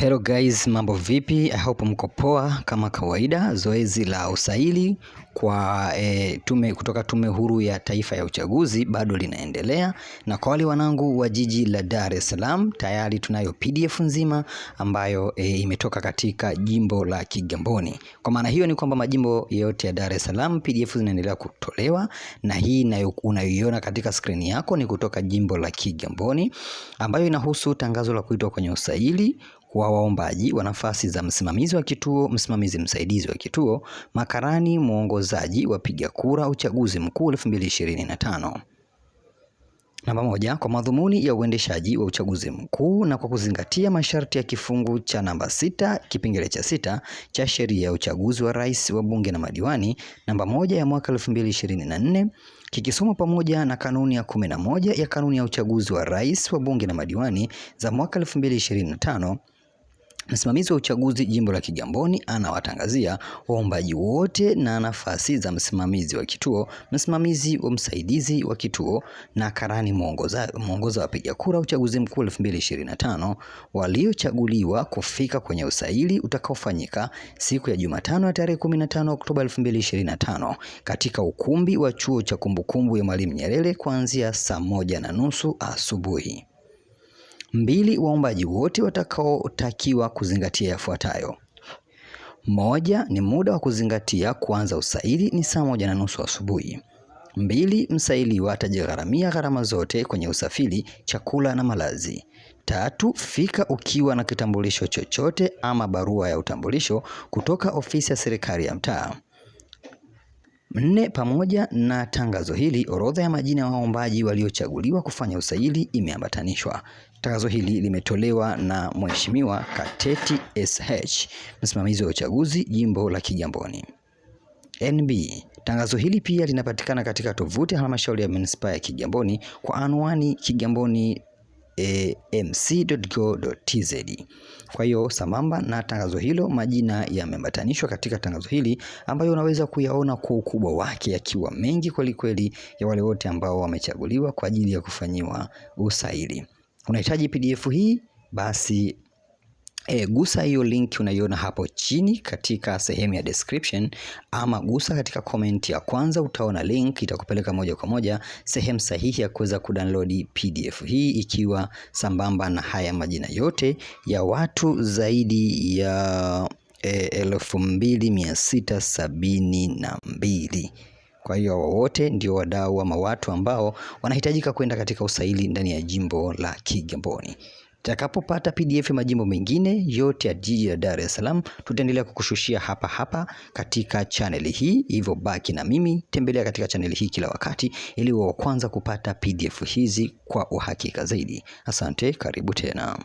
Hello guys, mambo vipi? I hope mko poa. Kama kawaida, zoezi la usaili kwa e, tume kutoka Tume Huru ya Taifa ya Uchaguzi bado linaendelea, na kwa wale wanangu wa jiji la Dar es Salaam tayari tunayo PDF nzima ambayo e, imetoka katika jimbo la Kigamboni. Kwa maana hiyo ni kwamba majimbo yote ya Dar es Salaam PDF zinaendelea kutolewa, na hii unayoiona katika skrini yako ni kutoka jimbo la Kigamboni ambayo inahusu tangazo la kuitwa kwenye usaili wa waombaji wa nafasi za msimamizi wa kituo, msimamizi msaidizi wa kituo, makarani, mwongozaji, wapiga kura uchaguzi mkuu 2025. Namba moja, kwa madhumuni ya uendeshaji wa uchaguzi mkuu na kwa kuzingatia masharti ya kifungu cha namba sita kipengele cha sita cha sheria ya uchaguzi wa rais wa bunge na madiwani namba moja ya mwaka 2024 kikisoma pamoja na kanuni ya moja ya kanuni ya uchaguzi wa rais wa bunge na madiwani za mwaka 2025 Msimamizi wa uchaguzi jimbo la Kigamboni anawatangazia waombaji wote na nafasi za msimamizi wa kituo, msimamizi wa msaidizi wa kituo na karani mwongoza mwongoza wapiga kura uchaguzi mkuu 2025 waliochaguliwa kufika kwenye usaili utakaofanyika siku ya Jumatano ya tarehe 15 Oktoba 2025 katika ukumbi wa chuo cha kumbukumbu ya Mwalimu Nyerere kuanzia saa moja na nusu asubuhi. Mbili, waombaji wote watakaotakiwa kuzingatia yafuatayo: moja, ni muda wa kuzingatia kuanza usaili ni saa moja na nusu asubuhi. Mbili, msailiwa atajigharamia gharama zote kwenye usafiri, chakula na malazi. Tatu, fika ukiwa na kitambulisho chochote ama barua ya utambulisho kutoka ofisi ya serikali ya mtaa. Nne, pamoja na tangazo hili, orodha ya majina ya waombaji waliochaguliwa kufanya usaili imeambatanishwa. Tangazo hili limetolewa na Mheshimiwa Kateti SH, msimamizi wa uchaguzi jimbo la Kigamboni. NB. Tangazo hili pia linapatikana katika tovuti ya halmashauri ya manispaa ya Kigamboni kwa anwani kigamboni amc.go.tz. Kwa hiyo sambamba na tangazo hilo, majina yameambatanishwa katika tangazo hili ambayo unaweza kuyaona kwa ukubwa wake yakiwa mengi kwelikweli ya wale wote ambao wamechaguliwa kwa ajili ya kufanyiwa usaili. Unahitaji PDF hii? Basi E, gusa hiyo link unaiona hapo chini katika sehemu ya description, ama gusa katika comment ya kwanza, utaona link itakupeleka moja kwa moja sehemu sahihi ya kuweza kudownload PDF hii, ikiwa sambamba na haya majina yote ya watu zaidi ya e, elfu mbili mia sita sabini na mbili. Kwa hiyo wowote ndio wadau ama watu ambao wanahitajika kwenda katika usaili ndani ya jimbo la Kigamboni. Utakapopata PDF majimbo mengine yote ya jiji la Dar es Salaam, tutaendelea kukushushia hapa hapa katika chaneli hii, hivyo baki na mimi, tembelea katika chaneli hii kila wakati, ili wa kwanza kupata PDF hizi kwa uhakika zaidi. Asante, karibu tena.